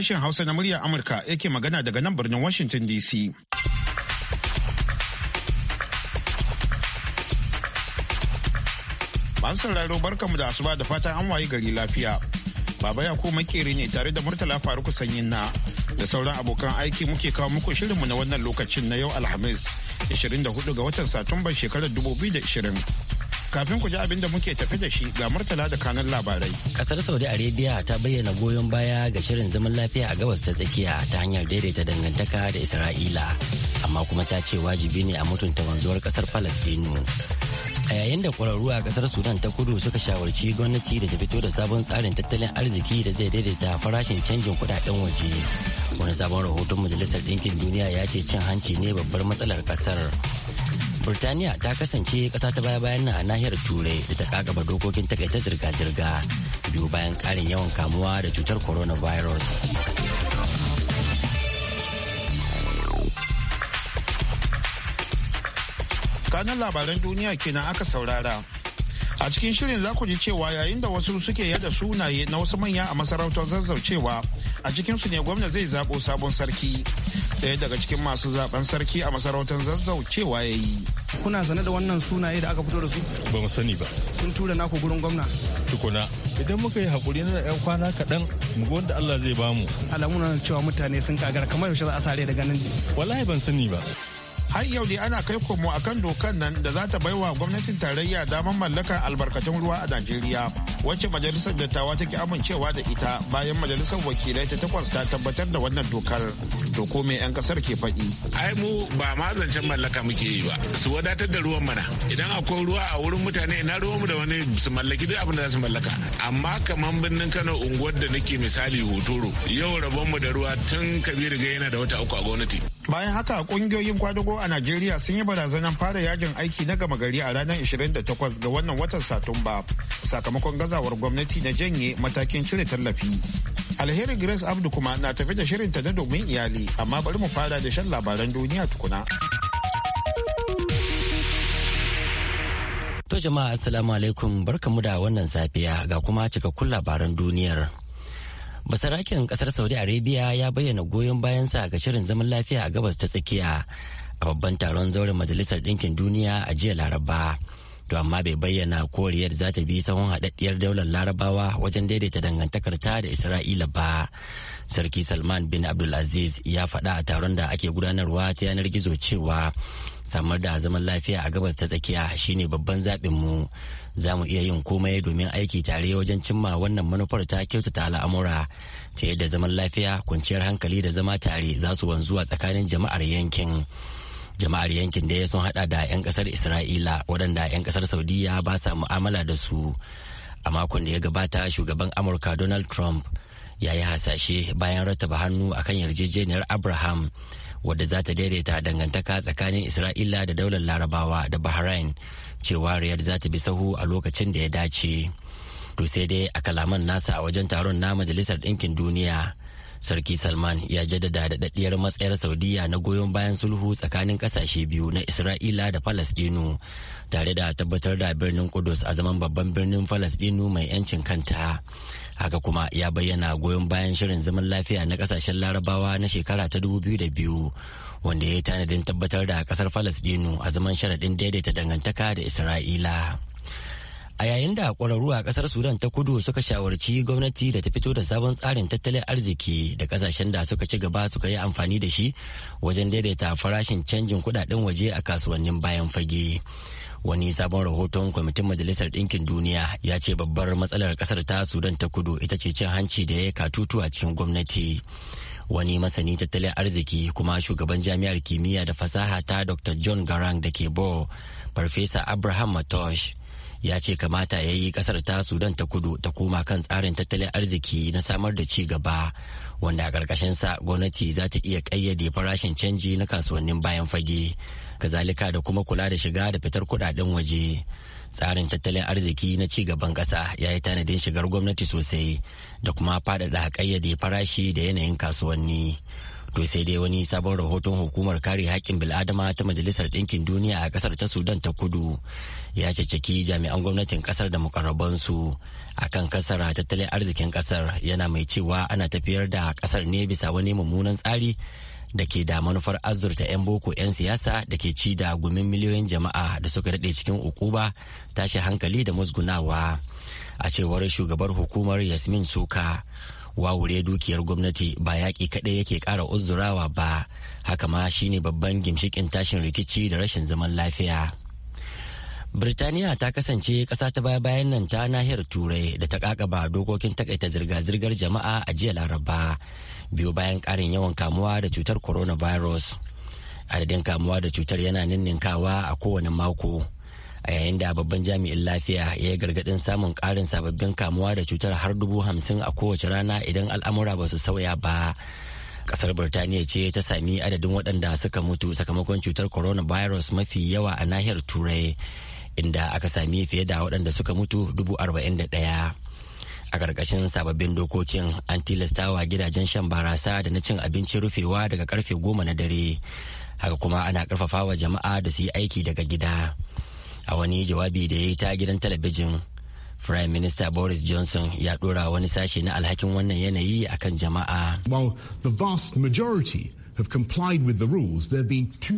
sashen Hausa na muryar Amurka yake magana daga nan birnin Washington DC. Masu sauraro barkanmu da asuba da fatan an waye gari lafiya. Baba ya makeri ne tare da Murtala Faruku Sanyin na da sauran abokan aiki muke kawo muku shirinmu na wannan lokacin na yau Alhamis 24 ga watan Satumba shekarar 2020. Kafin ku ji abin da muke tafi da shi ga Murtala da kanan labarai. Kasar Saudi Arabia ta bayyana goyon baya ga shirin zaman lafiya a gabas ta tsakiya ta hanyar daidaita dangantaka da Isra'ila, amma kuma ta ce wajibi ne a mutunta wanzuwar kasar Falastinu. A yayin da kwararru a kasar Sudan ta kudu suka shawarci gwamnati da ta fito da sabon tsarin tattalin arziki da zai daidaita farashin canjin kudaden waje. Wani sabon rahoton Majalisar Ɗinkin Duniya ya ce cin hanci ne babbar matsalar kasar. Burtaniya ta kasance kasa ta baya-bayan na nahiyar Turai da ta kagaba dokokin takaita zirga-zirga biyu bayan karin yawan kamuwa da cutar coronavirus. Kanan labaran duniya kenan aka saurara. A cikin shirin za ku ji cewa yayin da wasu suke yada sunaye na wasu manya a masarautar zazzaucewa a cikinsu ne gwamna zai zaɓo sabon sarki. ɗaya daga cikin masu zaben sarki a masarautar zazzau cewa ya yi kuna sane da wannan sunaye da aka fito da su ba mu sani ba kun tura naku gurin gwamna tukuna idan muka yi hakuri na yan kwana kaɗan mu ga wanda Allah zai bamu alamuna na cewa mutane sun kagara kamar yaushe za a sare da ganin wallahi ban sani ba har yau ne ana kai komo akan dokan nan da za ta baiwa gwamnatin tarayya damar mallakar albarkatun ruwa a najeriya wacce majalisar dattawa take amincewa da ita bayan majalisar wakilai ta takwas ta tabbatar da wannan dokar to ko me yan kasar ke faɗi ai mu ba ma zancen mallaka muke yi ba su wadatar da ruwan mana idan akwai ruwa a wurin mutane ina ruwan mu da wani su mallaki duk abin da za su mallaka amma kaman birnin kano unguwar da nake misali hotoro yau rabon mu da ruwa tun kabiru ga yana da wata uku a gwamnati bayan haka kungiyoyin kwadugo a Najeriya sun yi barazanar fara yajin aiki na gama gari a ranar 28 ga wannan watan Satumba sakamakon gazawar gwamnati na janye matakin cire tallafi. Alheri Grace Abdu kuma na tafi da shirinta na domin iyali amma bari mu fara da shan labaran duniya tukuna. To jama'a assalamu alaikum barkamu da wannan safiya ga kuma cikakkun labaran duniyar. basarakin kasar saudi arabia ya bayyana goyon bayansa ga shirin zaman lafiya a gabas ta tsakiya a babban taron zauren majalisar ɗinkin duniya a jiya laraba to amma bai bayyana koriyar za ta bi sahun haɗaɗɗiyar daular larabawa wajen daidaita dangantakar ta da isra'ila ba sarki salman bin abdulaziz ya faɗa a taron da ake gudanarwa ta yanar gizo cewa samar da zaman lafiya a gabas ta tsakiya shine babban zaɓin mu za mu iya yin komai domin aiki tare wajen cimma wannan manufar ta kyautata al'amura ta yadda zaman lafiya kwanciyar hankali da zama tare za su wanzuwa tsakanin jama'ar yankin. jama'ar yankin da ya sun hada da 'yan kasar isra'ila waɗanda 'yan kasar saudiya ba sa mu'amala da su a makon da ya gabata shugaban amurka donald trump ya yi hasashe bayan rattaba hannu akan yarjejeniyar abraham wadda za ta daidaita dangantaka tsakanin isra'ila da daular larabawa da bahrain cewa riyar za ta bi sahu a lokacin da ya dace to sai dai a kalaman nasa a wajen taron na majalisar ɗinkin duniya sarki salman ya jaddada daɗaɗɗiyar matsayar saudiya na goyon bayan sulhu tsakanin ƙasashe biyu na isra'ila da falasɗinu tare da tabbatar da birnin kudus a zaman babban birnin falasɗinu mai 'yancin kanta haka kuma ya bayyana goyon bayan shirin zaman lafiya na ƙasashen larabawa na shekara ta biyu, wanda ya yi tanadin tabbatar da ƙasar falasɗinu a zaman sharaɗin daidaita dangantaka da isra'ila a yayin da ƙwararru a ƙasar sudan ta kudu suka shawarci gwamnati da ta fito da sabon tsarin tattalin arziki da kasashen da suka ci gaba suka yi amfani da shi wajen daidaita farashin canjin kudaden waje a kasuwannin bayan fage wani sabon rahoton kwamitin majalisar ɗinkin duniya ya ce babbar matsalar ƙasar ta sudan ta kudu ita ce cin hanci da ya yi katutu a cikin gwamnati wani masani tattalin arziki kuma shugaban jami'ar kimiyya da fasaha ta dr john garang da ke bo farfesa abraham matosh ya ce kamata ya yi kasar ta sudan ta kudu ta koma kan tsarin tattalin arziki na samar da ci gaba wanda a sa gwamnati za ta iya ƙayyade farashin canji na kasuwannin bayan fage kazalika da kuma kula da shiga da fitar kudaden waje tsarin tattalin arziki na ci gaban ƙasa ya yi tanadin shigar gwamnati sosai da kuma faɗaɗa ƙayyade farashi da yanayin kasuwanni to sai dai wani sabon rahoton hukumar kare haƙƙin bil'adama ta majalisar ɗinkin duniya a ƙasar ta sudan ta kudu ya ceceki jami'an gwamnatin ƙasar da mukarrabansu a kan kasar tattalin arzikin ƙasar yana mai cewa ana tafiyar da ƙasar ne bisa wani mummunan tsari da ke da manufar azurta 'yan boko 'yan siyasa da ke ci da gumin miliyoyin jama'a da suka daɗe cikin ukuba tashi hankali da musgunawa a cewar shugabar hukumar yasmin suka wawure dukiyar gwamnati ba yaƙi kaɗai yake ƙara uzurawa ba haka ma shine babban gimshikin tashin rikici da rashin zaman lafiya Birtaniya ta kasance ƙasa ta baya-bayan nan ta nahiyar Turai da ta ƙaƙaba dokokin takaita zirga-zirgar jama'a a jiya Laraba biyu bayan ƙarin yawan kamuwa da cutar coronavirus. Adadin kamuwa da cutar yana ninninkawa a kowane mako. a yayin da babban jami'in lafiya ya yi gargadin samun karin sababbin kamuwa da cutar har dubu hamsin a kowace rana idan al'amura ba su sauya ba kasar birtaniya ce ta sami adadin waɗanda suka mutu sakamakon cutar coronavirus mafi yawa a nahiyar turai inda aka sami fiye da waɗanda suka mutu dubu arba'in da ɗaya a ƙarƙashin sababbin dokokin an tilastawa gidajen shan barasa da na cin abinci rufewa daga karfe goma na dare haka kuma ana ƙarfafa wa jama'a da su yi aiki daga gida. a wani jawabi da ya yi ta gidan talabijin prime minister boris johnson ya dora wani sashe na alhakin wannan yanayi akan jama'a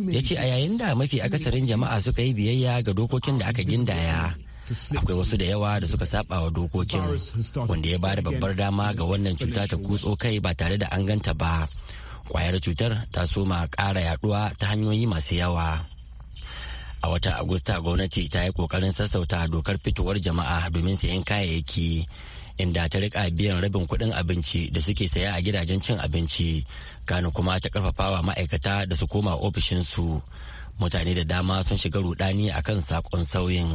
ya ce a yayin da mafi akasarin jama'a suka yi biyayya ga dokokin da aka gindaya akwai wasu da yawa da suka saba wa dokokin wanda ya bada babbar dama ga wannan cuta ta kutso kai ba tare da an ganta ba kwayar cutar ta soma ƙara yaduwa ta hanyoyi masu yawa a watan agusta gwamnati ta yi kokarin sassauta dokar fitowar jama'a domin sayan kayayyaki inda ta rika biyan rabin kudin abinci da suke saya a gidajen cin abinci kano kuma ta karfafawa ma'aikata da su koma ofishinsu mutane da dama sun shiga rudani akan sakon sauyin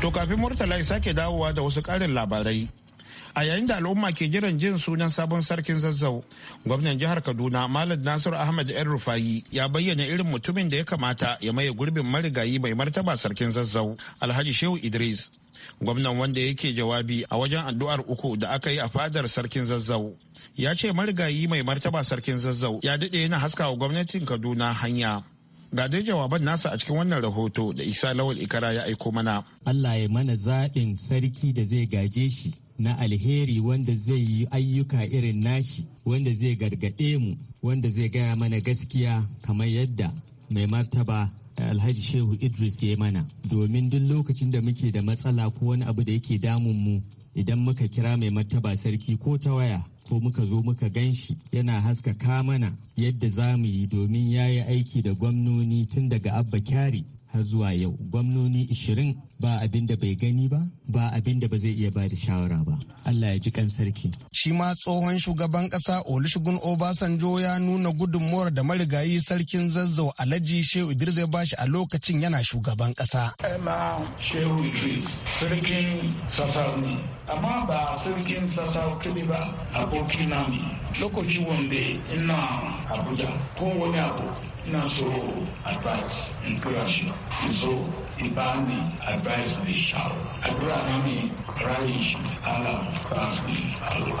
to kafin murtala sake dawowa da wasu ƙarin labarai a yayin da al'umma ke jiran jin sunan sabon sarkin zazzau gwamnan jihar kaduna malam nasiru ahmad yan rufayi ya bayyana irin mutumin da ya kamata ya maye gurbin marigayi mai martaba sarkin zazzau alhaji shehu idris gwamnan wanda yake jawabi a wajen addu'ar uku da aka yi a fadar sarkin zazzau ya ce marigayi mai martaba sarkin zazzau ya daɗe yana haska wa gwamnatin kaduna hanya ga dai jawaban nasa a cikin wannan rahoto da isa lawal ikara ya aiko mana allah ya mana zaɓin sarki da zai gaje shi na alheri wanda zai yi ayyuka irin nashi wanda zai gargaɗe mu wanda zai gaya mana gaskiya kamar yadda mai martaba eh, alhaji shehu idris ya mana domin duk lokacin da muke da matsala ko wani abu da yake damun mu idan muka kira mai martaba sarki ko ta waya ko muka zo muka gan shi yana haskaka mana yadda za mu yi domin ya yi aiki da gwamnoni tun daga abba kyari har zuwa yau gwamnoni 20 ba abin da bai gani ba ba abin da ba zai iya ba da shawara ba Allah ya ji kan sarki shi ma tsohon shugaban kasa Olusegun Obasanjo ya nuna gudunmuwar da marigayi sarkin zazzau Alhaji Shehu Idris ya bashi a lokacin yana shugaban kasa Emma Shehu Idris sarkin sasau amma ba sarkin sasau kini ba abokina ne lokaci wanda ina Abuja ko wani abu ina so advice encourage so ibani advice mai shawo addu'a na mai rayu Allah ta fi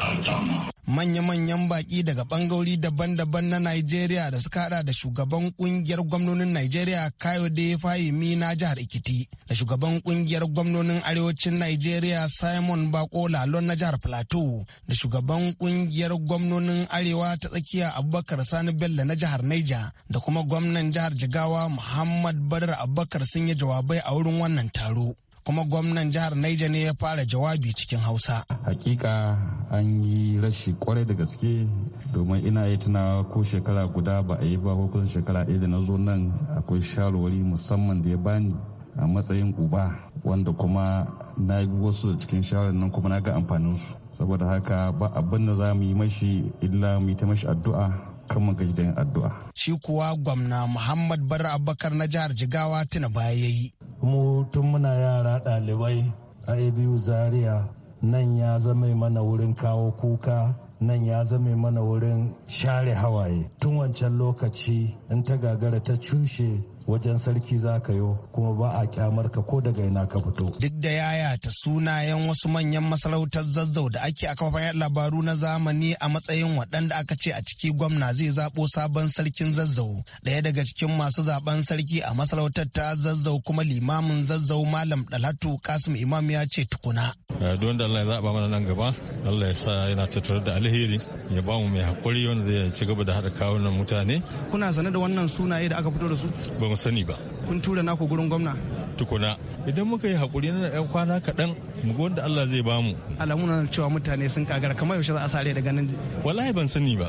aljanna manya-manyan baki daga bangarori daban-daban na Najeriya da suka hada da shugaban kungiyar gwamnonin Najeriya Kayode Fahimi na jihar ikiti da shugaban kungiyar gwamnonin arewacin Najeriya Simon Bako Lalon na jihar Plateau da shugaban kungiyar gwamnonin arewa ta tsakiya Abubakar Sani Bello na jihar Niger da kuma gwamnan jihar Jigawa Muhammad Badar Abubakar sun yi jawabai a wurin wannan taro. kuma gwamnan jihar Naija ne ya fara jawabi cikin Hausa. Hakika an yi rashi kwarai da gaske domin ina yi tunawa ko shekara guda ba a yi ba ko kusan shekara ɗaya da na zo nan akwai shawarwari musamman da ya bani a matsayin uba wanda kuma na yi wasu da cikin shawarar nan kuma na ga amfanin su saboda haka ba abin da za mu yi mashi illa mu yi ta mashi addu'a kan magajidan addu'a. Shi kuwa gwamna Muhammad Barra Abubakar na jihar Jigawa tuna baya ya mu tun muna yara ɗalibai a abu zaria nan ya zama mana wurin kawo kuka nan ya zama mana wurin share hawaye tun wancan lokaci in ta gagara ta cushe wajen sarki za ka yo kuma ba a kyamar ka ko daga ina ka fito. Duk da yaya ta sunayen wasu manyan masarautar zazzau da ake a kafafen labaru na zamani a matsayin waɗanda aka ce a ciki gwamna zai zaɓo sabon sarkin zazzau. Ɗaya daga cikin masu zaben sarki a masarautar ta zazzau kuma limamin zazzau malam Dalatu Kasim Imam ya ce tukuna. Eh, Don da Allah ya zaɓa mana nan gaba, Allah ya sa yana tattare da alheri ya ba mu mai haƙuri wanda zai ci gaba da haɗa kawunan mutane. Kuna sane da wannan sunaye da aka fito da su? Ba mun sani ba kun tura naku gurin gwamna tukuna idan muka yi hakuri na ɗan kwana kaɗan mu ga wanda Allah zai bamu alamu na cewa mutane sun kagar kamar yaushe za a sare daga nan wallahi ban sani ba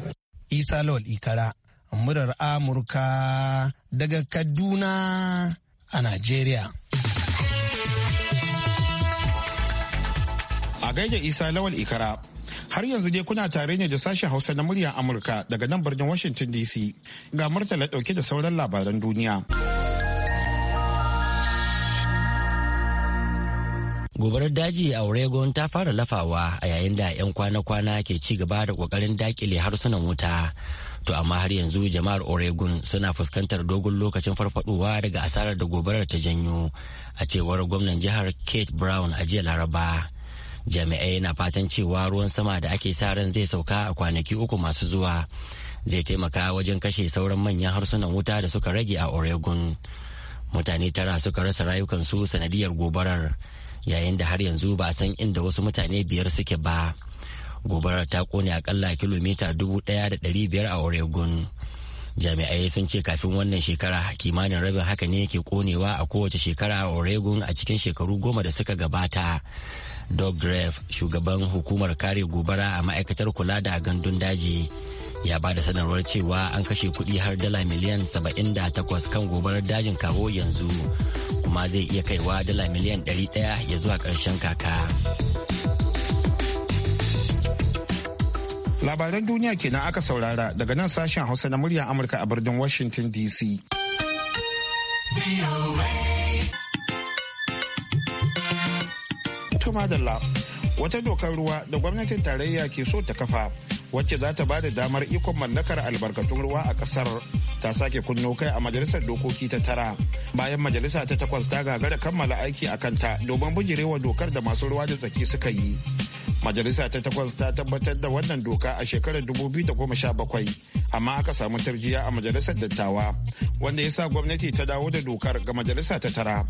Isa Lawal Ikara murar Amurka daga Kaduna a Najeriya. A gaida Isa Lawal Ikara Har yanzu dai kuna tare ne da sashen Hausa na muryar Amurka daga nan birnin Washington DC. Ga Murtala dauke da sauran labaran duniya. Gobarar daji a Oregon ta fara lafawa a yayin da 'yan kwana-kwana ke ci gaba da kokarin dakile harsunan wuta. To amma har yanzu jama'ar Oregon suna fuskantar dogon lokacin farfadowa daga asarar da gobarar ta janyo a cewar gwamnan jihar Kate Brown a jiya Laraba. jami'ai na fatan cewa ruwan sama da ake sa ran zai sauka a kwanaki uku masu zuwa zai taimaka wajen kashe sauran manyan harsunan wuta da suka rage a oregon mutane tara suka rasa rayukansu sanadiyar gobarar yayin da har yanzu ba san inda wasu mutane biyar suke ba gobarar ta kone akalla kilomita dubu da biyar a oregon jami'ai sun ce kafin wannan shekara kimanin rabin haka ne ke konewa a kowace shekara a oregon a cikin shekaru goma da suka gabata Dograve shugaban hukumar kare gobara a ma'aikatar kula da gandun daji ya ba da sanarwar cewa an kashe kudi har dala miliyan 78 kan gobarar dajin kawo yanzu kuma zai iya kaiwa dala miliyan 100 ya zuwa karshen kaka. Labaran duniya kenan aka saurara daga nan sashen Hausa na murya Amurka a birnin Washington DC. madalla wata dokar ruwa da gwamnatin tarayya ke so ta kafa wacce za ta ba da damar ikon mallakar albarkatun ruwa a kasar ta sake kunno kai a majalisar dokoki ta tara bayan majalisa ta takwas ta gagara kammala aiki a kanta domin bujirewa dokar da masu ruwa da tsaki suka yi majalisa ta takwas ta tabbatar da wannan doka a shekarar 2017 amma aka samu tarjiya a majalisar dattawa wanda ya sa gwamnati ta dawo da dokar ga majalisa ta tara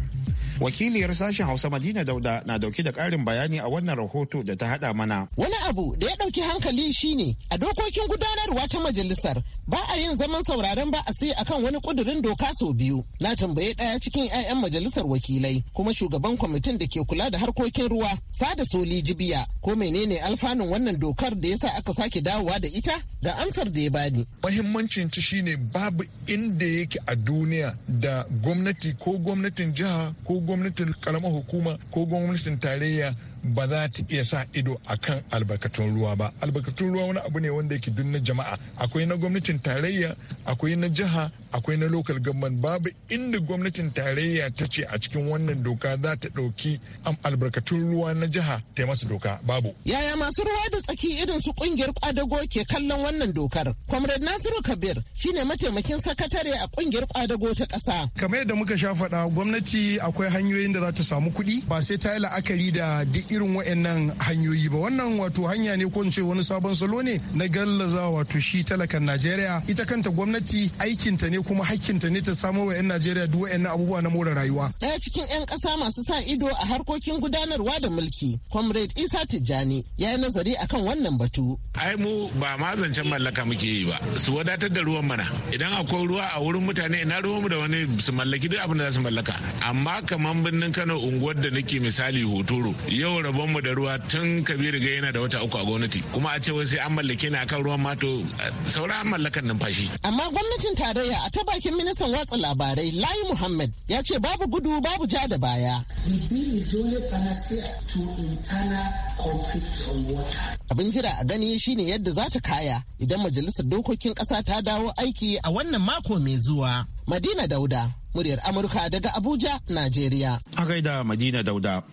wakiliyar sashen hausa madina dauda na dauke da karin bayani a wannan rahoto da ta hada mana wani abu da ya dauki hankali shine a dokokin gudanarwa ta majalisar ba a yin zaman sauraren ba a sai akan wani kudurin doka sau biyu na tambaye daya cikin 'ya'yan majalisar wakilai kuma shugaban kwamitin da ke kula da harkokin ruwa sada soli jibiya ko menene alfanun wannan dokar da yasa aka sake dawowa da ita da amsar da ya bani muhimmancin ci shine babu inda yake a duniya da gwamnati ko gwamnatin jiha ko gwamnatin karamar hukuma ko gwamnatin tarayya ba za ta iya sa ido a kan albarkatun ruwa ba albarkatun ruwa wani abu ne wanda yake duk jama'a akwai na gwamnatin tarayya akwai na jiha akwai na local government babu inda gwamnatin tarayya ta ce a cikin wannan doka za ta ɗauki albarkatun ruwa na jiha ta yi masa doka babu yaya masu ruwa da tsaki irin su kungiyar kwadago ke kallon wannan dokar comrade nasiru kabir shine mataimakin sakatare a kungiyar kwadago ta ƙasa kamar yadda muka sha faɗa gwamnati akwai hanyoyin da za ta samu kuɗi ba sai ta yi la'akari da duk irin wa'annan hanyoyi ba wannan wato hanya ne ko ce wani sabon salo ne na gallaza wato shi talakan najeriya ita kanta gwamnati aikinta ne kuma hakkinta ne ta samo wa 'yan najeriya duk wa'annan abubuwa na more rayuwa daya cikin 'yan kasa masu sa ido a harkokin gudanarwa da mulki comrade isa tijjani ya yi nazari akan wannan batu ai mu ba ma zancen mallaka muke yi ba su wadatar da ruwan mana idan akwai ruwa a wurin mutane ina ruwan mu da wani su mallaki duk abin da za su mallaka amma kamar birnin kano unguwar da nake misali hotoro yau rabonmu da ruwa tun kabiru ga yana da wata uku a gwamnati kuma a ce wai sai an mallake ni akan ruwan mato saura an mallakan numfashi. Amma gwamnatin tarayya a ta bakin ministan watsa labarai Layi Muhammad ya ce babu gudu babu ja da baya. Abin jira a gani shine yadda za ta kaya idan majalisar dokokin ƙasa ta dawo aiki a wannan mako mai zuwa. Madina Dauda, muryar Amurka daga Abuja, Najeriya. A gaida Madina Dauda.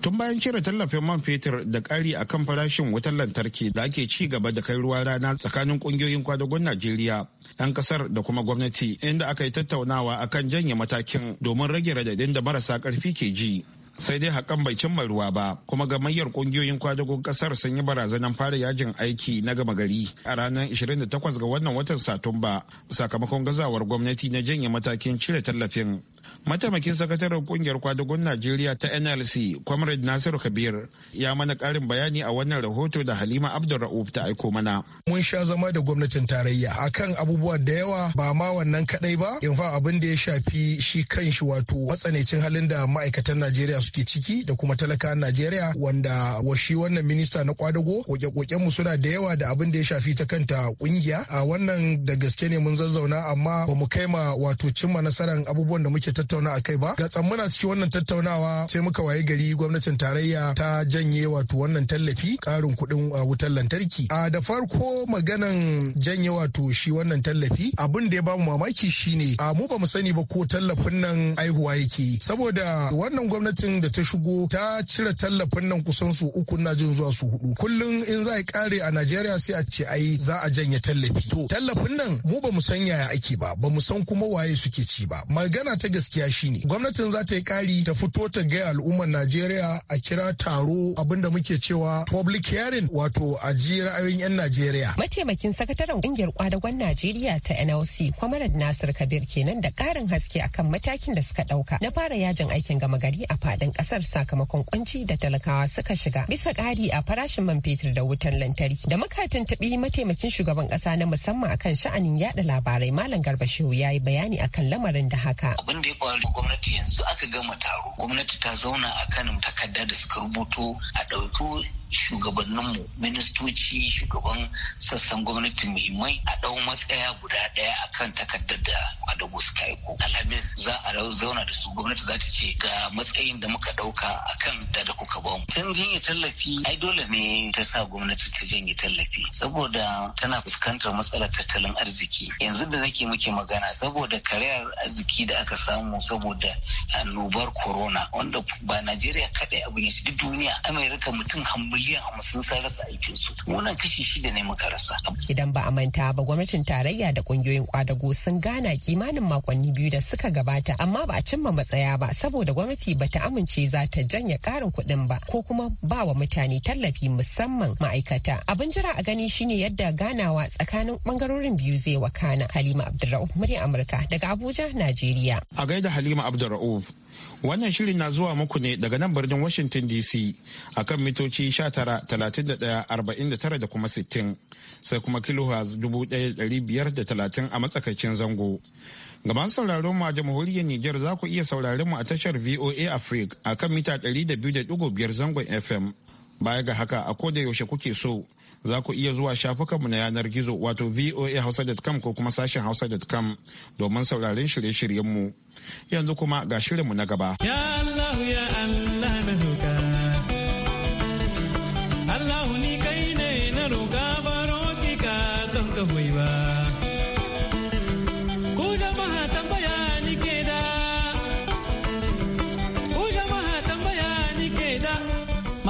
Tun bayan cire tallafin man fetur da ƙari a kan farashin wutar lantarki da ake ci gaba da kai ruwa rana tsakanin ƙungiyoyin kwadagon Najeriya, ɗan ƙasar da kuma gwamnati inda aka yi tattaunawa akan janye matakin domin rage radadin da marasa ƙarfi ke ji. sai dai hakan bai cimma ruwa ba kuma gamayyar kungiyoyin kwadagon kasar sun yi barazanar fara yajin aiki na gama gari a ranar 28 ga wannan watan satumba sakamakon gazawar gwamnati na janye matakin cire tallafin Mataimakin sakataren kungiyar kwadagon Najeriya ta NLC, Comrade Nasiru Kabir, ya mana ƙarin bayani a wannan rahoto da Halima Abdulra'uf ta aiko mana. Mun sha zama da gwamnatin tarayya a kan abubuwa da yawa ba ma wannan kaɗai ba, in fa abin da ya shafi shi kan shi wato matsanancin halin da ma'aikatan Najeriya suke ciki da kuma talakawan Najeriya wanda washi wannan minista na kwadago koke-koken mu suna da yawa da abin da ya shafi ta kanta kungiya. A wannan da gaske ne mun zazzauna amma ba mu kai ma wato cimma nasarar abubuwan da muke tattauna a kai ba ga tsammana cikin wannan tattaunawa sai muka waye gari gwamnatin tarayya ta janye wato wannan tallafi karin kuɗin uh, wutar lantarki a da farko maganan janye wato shi wannan tallafi abin da ya bamu mamaki shine a mu ba mu sani ba ko tallafin nan aihuwa yake saboda wannan gwamnatin da ta shigo ta cire tallafin nan kusan su uku na jin zuwa su hudu kullum in za a kare a najeriya sai a ce ai za a janye tallafi to tallafin nan mu ba mu san yaya ake ba ba mu san kuma waye suke ci ba magana ta gaske gaskiya shine gwamnatin za ta yi kari ta fito ta gaya al'ummar najeriya a kira taro abinda muke cewa public hearing wato a ji ra'ayoyin 'yan najeriya mataimakin sakataren ƙungiyar kwadagon najeriya ta nlc kwamarar nasir kabir kenan da ƙarin haske akan matakin da suka ɗauka, na fara yajin aikin gama gari a fadin ƙasar, sakamakon kunci da talakawa suka shiga bisa ƙari a farashin man fetur da wutar lantarki da makatan tabi mataimakin shugaban ƙasa na musamman akan sha'anin yada labarai malam garba shehu ya yi bayani akan lamarin da haka abin da faru gwamnati yanzu aka gama taro gwamnati ta zauna a kan takarda da suka rubuto a ɗauki shugabanninmu ministoci shugaban sassan gwamnati muhimmai a ɗau matsaya guda ɗaya a kan takardar da adabu suka aiko alhamis za a zauna da su gwamnati za ta ce ga matsayin da muka ɗauka a kan da da kuka ba mu tun janye tallafi ai dole ne ta sa gwamnati ta janye tallafi saboda tana fuskantar matsalar tattalin arziki yanzu da nake muke magana saboda karayar arziki da aka samu saboda annobar corona wanda ba najeriya kaɗai abin ya duk duniya amerika mutum hamsin miliyan hamsin sun rasa aikinsu wannan kashi shida ne muka rasa. idan ba a manta ba gwamnatin tarayya da kungiyoyin kwadago sun gana kimanin makonni biyu da suka gabata amma ba a cimma matsaya ba saboda gwamnati ba ta amince za ta janya karin kuɗin ba ko kuma ba wa mutane tallafi musamman ma'aikata abin jira a gani shine yadda ganawa tsakanin bangarorin biyu zai wakana halima abdulra'u murya amurka daga abuja najeriya a gaida halima abdulra'u. Wannan shirin na zuwa muku ne daga nan birnin Washington DC a kan mitoci 19,31,49 da kuma 60 sai kuma kilohaz 1,530 a matsakaicin zango. Ga masu sauraron mu a jamhuriyar niger za ku iya sauraron mu a tashar VOA Africa a kan mita 200.5 zangon FM. Baya ga haka a koda yaushe kuke so za ku iya zuwa shafukanmu na yanar gizo wato voahausa.com ko kuma sashen hausa.com domin sauraron shirye-shiryenmu. Yanzu kuma ga shirinmu na gaba.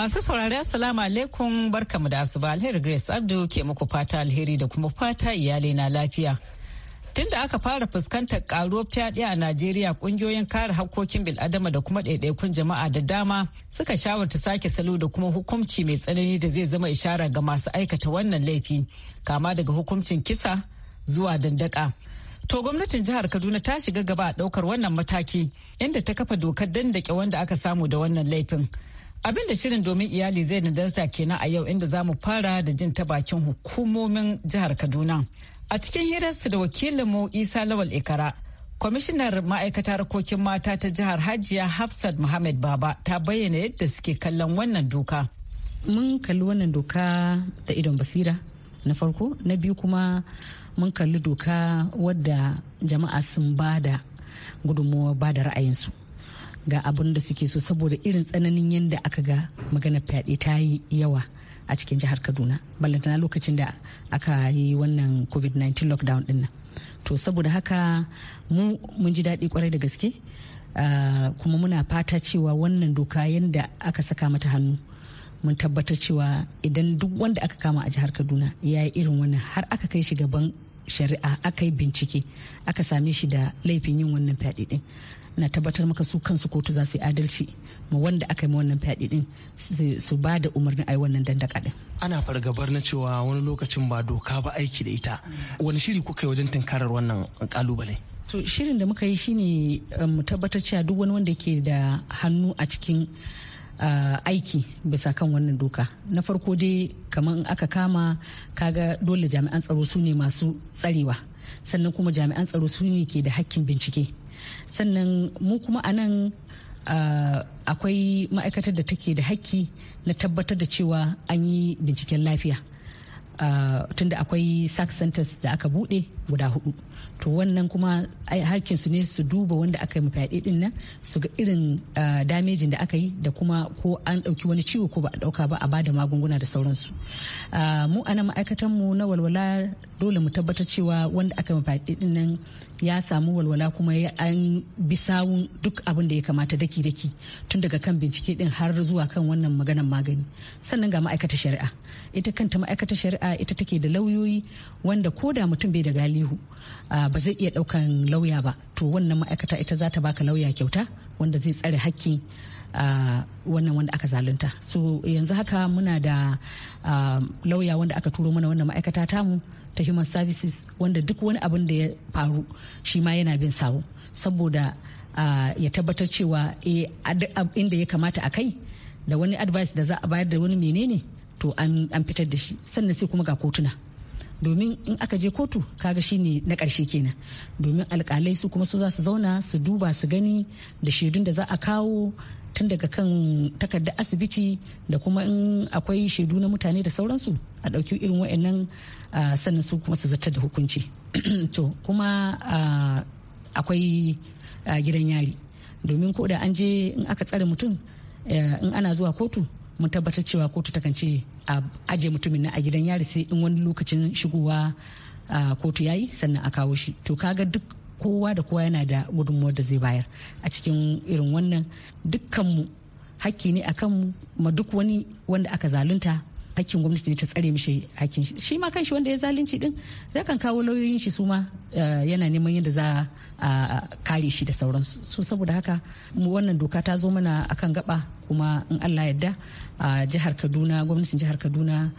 Masu saurari Assalamu alaikum barkamu da asuba alheri Grace Abdu ke muku fata alheri da kuma fata iyalai na lafiya. Tun da aka fara fuskantar karuwar fyaɗe a Najeriya kungiyoyin kare hakkokin bil'adama da kuma ɗaiɗaikun jama'a da dama suka shawarta sake salo da kuma hukumci mai tsanani da zai zama ishara ga masu aikata wannan laifi kama daga hukumcin kisa zuwa dandaka. To gwamnatin jihar Kaduna ta shiga gaba a ɗaukar wannan mataki inda ta kafa dokar dandake wanda aka samu da wannan laifin. Abin da shirin domin iyali zai nadarta kenan a yau inda za mu fara da jin ta bakin hukumomin jihar Kaduna. A cikin hirarsu da wakilinmu Isa Lawal Ikara, kwamishinar ma'aikatar harkokin mata ta jihar Hajiya Hafsat Muhammad Baba ta bayyana yadda suke kallon wannan doka. Mun kalli wannan doka da idon basira na farko, na biyu kuma mun kalli doka wadda jama'a sun bada gudunmuwa ba da ra'ayinsu. ga abin da suke so saboda irin tsananin yadda aka ga magana fyaɗe ta yi yawa a cikin jihar kaduna ballantana lokacin da aka yi wannan covid-19 lockdown din nan to saboda haka mu mun ji daɗi kwarai da gaske ah, kuma muna fata cewa wannan doka yadda aka saka mata hannu mun tabbatar cewa idan duk wanda aka kama a jihar kaduna ya yi irin wannan har aka kai shi gaban shari'a aka yi bincike aka same shi da laifin yin wannan fyaɗe na tabbatar maka su kansu kotu za su yi adalci ma wanda aka yi ma wannan fyaɗe ɗin su ba da umarnin a yi wannan dandaka ɗin. ana fargabar na cewa wani lokacin ba doka ba aiki da ita wani shiri kuka yi wajen tunkarar wannan kalubale. to shirin da muka yi shine um, mu tabbatar cewa duk wani wanda ke da hannu a cikin Uh, aiki bisa kan wannan doka na farko dai kamar aka kama kaga dole jami'an tsaro su ne masu tsarewa sannan kuma jami'an tsaro su ne ke da hakkin bincike sannan mu kuma a nan uh, akwai ma'aikatar da take da hakki na tabbatar da cewa an yi binciken lafiya uh, tunda akwai sac centers da aka buɗe guda hudu to wannan kuma hakkin su ne su duba wanda aka yi fyaɗe din nan su ga irin ah, damejin da aka yi da kuma ko an ɗauki wani ciwo ko ba a ɗauka ba a bada magunguna da sauransu ah, mu a nan ma'aikatan mu na walwala dole mu tabbatar cewa wanda aka yi fyaɗe din nan ya samu walwala kuma an bi sawun duk abin da ya kamata daki daki tun daga kan bincike din har zuwa kan wannan maganan magani sannan ga ma'aikatar shari'a ita kanta ma'aikatar shari'a ita take da lauyoyi wanda ko da mutum bai da galihu ba zai iya daukan lauya ba to wannan ma'aikata ita za ta baka lauya kyauta wanda zai tsare hakki wannan wanda aka zalunta so yanzu haka muna da lauya wanda aka turo mana wannan ma'aikata tamu ta human services wanda duk wani abin da ya faru shi ma yana bin sawo saboda ya tabbatar cewa eh, inda ya kamata a kai da wani advice da za a bayar da wani menene to an fitar da shi sannan sai kuma ga kotuna domin in aka je kotu kaga shi ne na karshe kenan domin alkalai su kuma su za su zauna su duba su gani da shaidun da za a kawo tun daga kan takardar asibiti da kuma in akwai shaidu na mutane da sauransu a ɗauki irin wa'annan sannan su kuma su zartar da hukunci to kuma akwai gidan yari domin ko da an je in aka tsare mutum eh, in ana zuwa kotu mun tabbatar cewa kotu takan ce a ajiye mutumin na a gidan yari sai in wani lokacin shigowa kotu yayi sannan a kawo shi to kaga duk kowa da kowa yana da gudunmuwar da zai bayar a cikin irin wannan dukkanmu hakki ne a kanmu ma duk wani wanda aka zalunta hakkin gwamnati ne ta tsare mishi hakkin shi shi ma kanshi wanda ya zalunci din yakan kawo lauyoyin shi su ma eh, yana neman yadda za a kare shi da sauransu su saboda haka wannan doka ta zo mana akan gaba kuma in Allah yarda a jihar Kaduna gwamnatin jihar Kaduna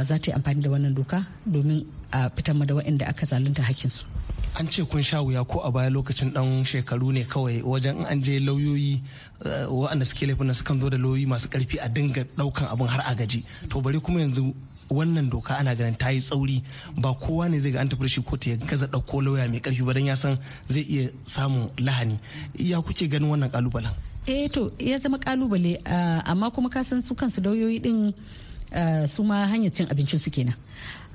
za ta yi amfani da wannan doka domin a fitar da waɗanda aka zalunta hakkinsu. su an ce kun sha wuya ko a baya lokacin dan shekaru ne kawai wajen an je lauyoyi eh, waɗanda suke laifin sukan zo da lauyoyi masu karfi a dinga daukan abin har a gaji to bari kuma yanzu wannan doka ana ganin ta yi tsauri ba kowa ne zai ga an tafi da shi kotu ya gaza ɗauko lauya mai karfi ba don ya san zai iya samun lahani ya kuke ganin wannan kalubalen eh to ya zama kalubale eh, amma kuma ka san su kansu lauyoyi din eh, su ma hanyar cin abincin su kenan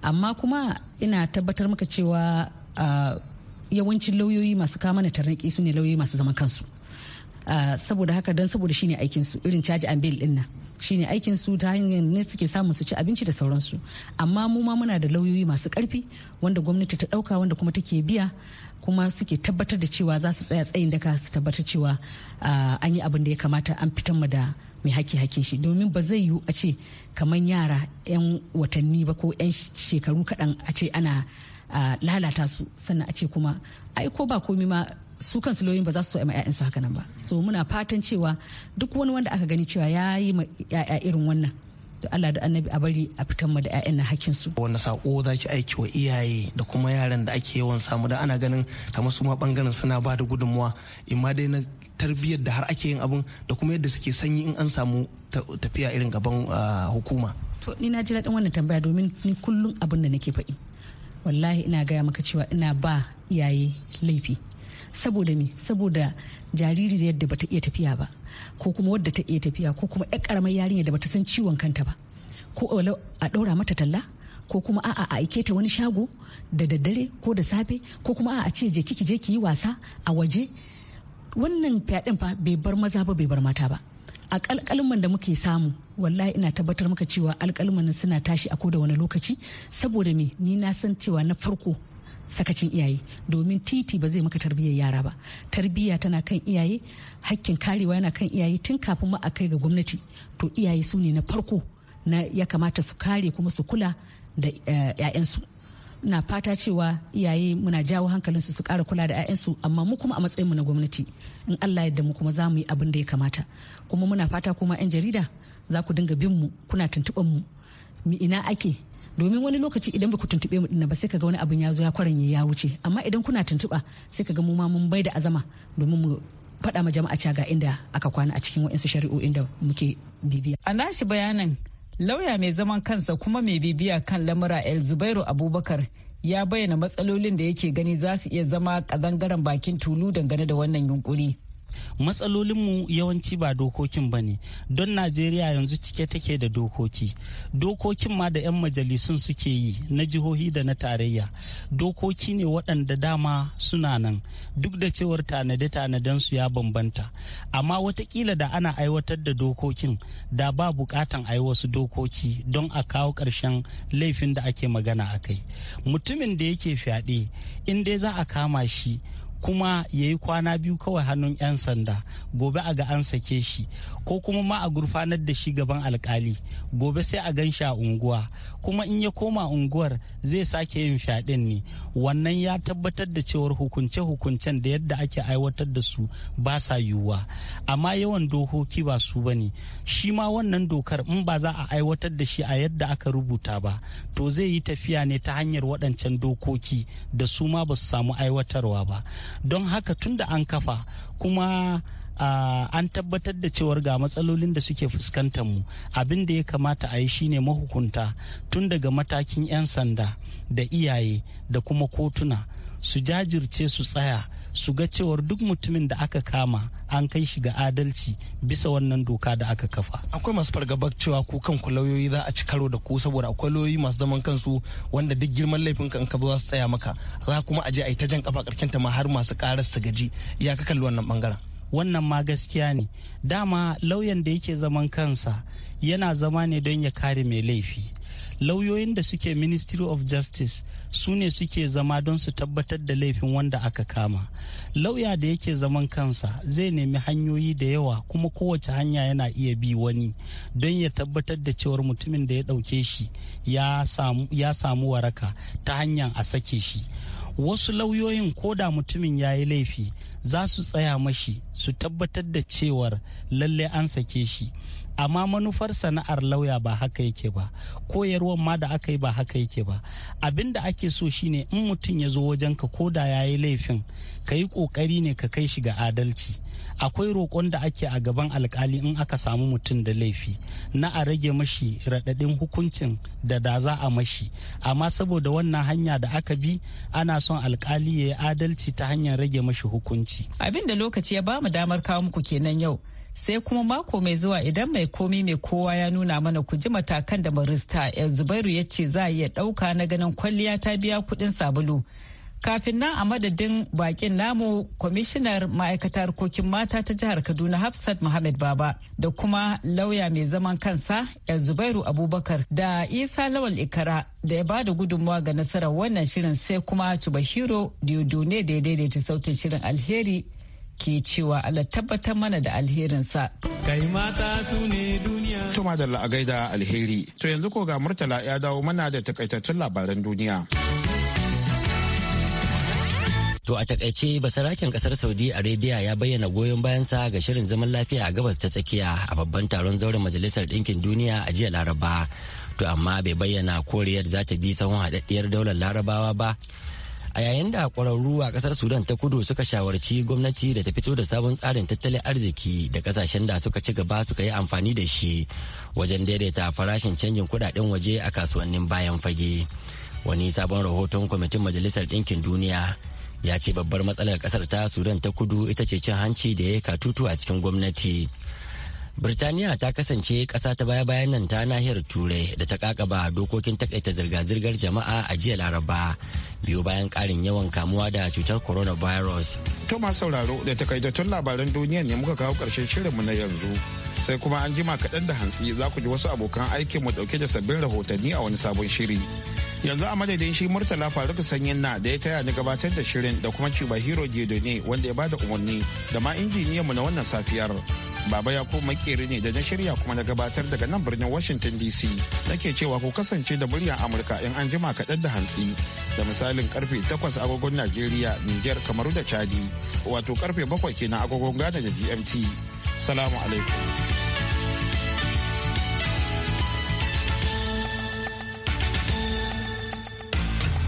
amma kuma ina tabbatar maka cewa yawancin lauyoyi masu kama na tarnaki su ne lauyoyi masu zaman kansu saboda haka don saboda shine aikin su irin caji an bel din nan shine aikin su ta hanyar ne suke samun su ci abinci da sauransu amma mu ma muna da lauyoyi masu karfi wanda gwamnati ta ɗauka wanda kuma take biya kuma suke tabbatar da cewa za su tsaya tsayin daka su tabbatar cewa an yi abin da ya kamata an fitar mu da mai haƙƙi haƙƙin shi domin ba zai yiwu a ce kamar yara 'yan watanni ba ko 'yan shekaru kaɗan a ce ana a lalata su sannan a ce kuma ai ko ba komi ma su kansu lauyoyin ba za su so ma 'ya'yansu haka nan ba so muna fatan cewa duk wani wanda aka gani cewa ya yi ma 'ya'ya irin wannan da Allah da annabi a bari a fitan mu da 'ya'yan na hakkin su wanda sako za ki aiki wa iyaye da kuma yaran da ake yawan samu da ana ganin kamar su ma bangaren suna ba da gudunmuwa imma dai na tarbiyyar da har ake yin abun da kuma yadda suke sanyi in an samu tafiya irin gaban ah, hukuma to ni na ji daɗin wannan tambaya domin ni kullum abin da nake faɗi wallahi ina gaya maka cewa ina ba iyaye laifi saboda me saboda jariri yadda bata iya tafiya ba ko kuma wadda ta iya tafiya ko kuma yar karamar yarinya da bata san ciwon kanta ba ko a ɗaura mata talla ko kuma a'a a aike ta wani shago da daddare ko da safe ko kuma a'a ce je kiki je ki yi wasa a waje wannan fyaɗin fa bai bar maza ba bai bar mata ba a kalkalman da muke samu wallahi ina tabbatar maka cewa alkalman suna tashi a koda wani lokaci saboda me ni na san cewa na farko sakacin iyaye domin titi ba zai maka tarbiyyar yara ba tarbiyya tana kan iyaye hakkin karewa yana kan iyaye tun kafin ma a kai ga gwamnati to iyaye su ne na farko na ya kamata su kare kuma su kula da eh, 'ya'yansu. na fata cewa iyaye muna jawo hankalin su su kara kula da 'ya'yansu amma mu kuma a matsayin mu na gwamnati in Allah yadda mu kuma za mu yi abin da ya kamata kuma muna fata kuma 'yan jarida za ku dinga bin mu kuna tuntuɓan mu mi ina ake domin wani lokaci idan ku tuntube mu dinnan ba sai kaga wani abin ya zo ya kwaranye ya wuce amma idan kuna tuntuba sai kaga mu ma mun bai da azama domin mu faɗa ma jama'a ga inda aka kwana a cikin wa'insu shari'o'in da muke bibiya. A nashi bayanin lauya mai zaman kansa kuma mai bibiya kan lamura el zubairu abubakar ya bayyana matsalolin da yake gani za su iya zama kazangaren bakin tulu dangane da wannan yunkuri. matsalolinmu yawanci ba dokokin ba ne don najeriya yanzu cike take da dokoki dokokin ma da 'yan majalisun suke yi na jihohi da na tarayya dokoki ne waɗanda dama suna nan duk da cewar tanade-tanaden su ya bambanta amma watakila da ana aiwatar da dokokin da ba bukatan a wasu dokoki don a kawo ƙarshen laifin da ake magana a kai mutumin da yake fyaɗe in dai za a kama shi kuma ya yi kwana biyu kawai hannun 'yan sanda gobe a ga an sake shi ko kuma ma a gurfanar da shi gaban alkali gobe sai a gan shi a unguwa kuma in ya koma unguwar zai sake yin fyaɗin ne wannan ya tabbatar da cewar hukunce-hukuncen da yadda ake aiwatar da su ba sa yiwuwa amma yawan dokoki ba su ba ne shi ma wannan dokar in ba za a aiwatar da shi a yadda aka rubuta ba to zai yi tafiya ne ta hanyar waɗancan dokoki da su ma ba su samu aiwatarwa ba don haka tun da an kafa kuma Uh, an tabbatar da cewar ga matsalolin da suke fuskantar mu abin da ya kamata a yi shine mahukunta tun daga matakin 'yan sanda da iyaye da kuma kotuna su jajirce su tsaya su ga cewar duk mutumin da aka kama an kai shi ga adalci bisa wannan doka da aka kafa. Akwai masu fargabar cewa ku kan ku lauyoyi za a ci karo da ku saboda akwai lauyoyi masu zaman kansu wanda duk girman laifin ka in ka za su tsaya maka za kuma a je a yi ta jan kafa karkin ta ma har masu karar su gaji ya ka kalli wannan bangaren. Wannan ma gaskiya ne dama lauyan da yake zaman kansa yana zama ne don ya kare mai laifi. lauyoyin da suke ministry of justice su ne suke zama don su tabbatar da laifin wanda aka kama lauya da yake zaman kansa zai nemi hanyoyi da yawa kuma kowace hanya yana iya bi wani don ya tabbatar da cewar mutumin da ya ɗauke shi ya samu waraka ta hanyar a sake shi wasu lauyoyin ko da mutumin ya yi laifi za su tsaya mashi su tabbatar da cewar lalle an sake shi amma manufar sana'ar lauya ba haka yake ba koyarwan ma da aka yi ba haka yake ba abin da ake so shine in mutum ya zo wajen ka ko da ya yi laifin ka yi kokari ne ka kai shi ga adalci akwai roƙon da ake a gaban alkali in aka samu mutum da laifi na a rage mashi raɗaɗin hukuncin da da za a mashi amma saboda wannan hanya da aka bi ana son alkali ya yi adalci ta hanyar rage mashi hukunci abin da lokaci ya ba mu damar kawo muku kenan yau sai kuma mako mai zuwa idan mai komi mai kowa ya nuna mana ku ji matakan da barista el zubairu ya ce za a iya ɗauka na ganin kwalliya ta biya kuɗin sabulu kafin nan a madadin bakin namu kwamishinar ma'aikatar harkokin mata ta jihar kaduna hafsat muhammad baba da kuma lauya mai zaman kansa el zubairu abubakar da isa lawal ikara da ya bada gudunmawa ga nasarar wannan shirin sai kuma chubahiro diodone da ya daidaita sautin shirin alheri ke cewa Allah tabbatar mana da alherinsa. Kai mata su ne duniya. madalla da la'agaida alheri. To yanzu ko ga Murtala ya dawo mana da takaitattun labaran duniya. To a takaice basaraken kasar Saudi Arabia ya bayyana goyon bayansa ga shirin zaman lafiya a gabas ta tsakiya a babban taron zauren majalisar ɗinkin duniya a jiya Laraba. To amma bai bayyana koriyar za ta bi sahun haɗaɗɗiyar daular Larabawa ba a yayin da kwararru a ƙasar sudan ta kudu suka shawarci gwamnati da ta fito da sabon tsarin tattalin arziki da ƙasashen da suka ci gaba suka yi amfani da shi wajen daidaita farashin canjin kuɗaɗen waje a kasuwannin bayan fage wani sabon rahoton kwamitin majalisar ɗinkin duniya ya ce babbar matsalar ƙasar ta sudan ta kudu ita ce cin hanci da ya yi katutu a cikin gwamnati Birtaniya ta kasance kasa ta baya-bayan nan ta nahiyar Turai da ta kakaba dokokin takaita zirga-zirgar jama'a a jiya Laraba biyu bayan ƙarin yawan kamuwa da cutar coronavirus. To masu sauraro da takaitattun labaran duniya ne muka kawo ƙarshen shirinmu na yanzu. Sai kuma an jima kaɗan da hantsi za ku ji wasu abokan aikin mu ɗauke da sabbin rahotanni a wani sabon shiri. Yanzu a madadin shi Murtala Faruk Sanyin na da ya taya ni gabatar da shirin da kuma Cuba Hero ne wanda ya bada umarni da ma mu na wannan safiyar. Baba ya makeri ne da na shirya kuma na gabatar daga nan birnin Washington DC. Nake cewa ku kasance da muryar Amurka in an jima kaɗan da hantsi. Da misalin karfe 8 agogon Najeriya, Nijar, Kamaru da Chadi. Wato karfe 7 kenan agogon Ghana da GMT. Salamu alaikum.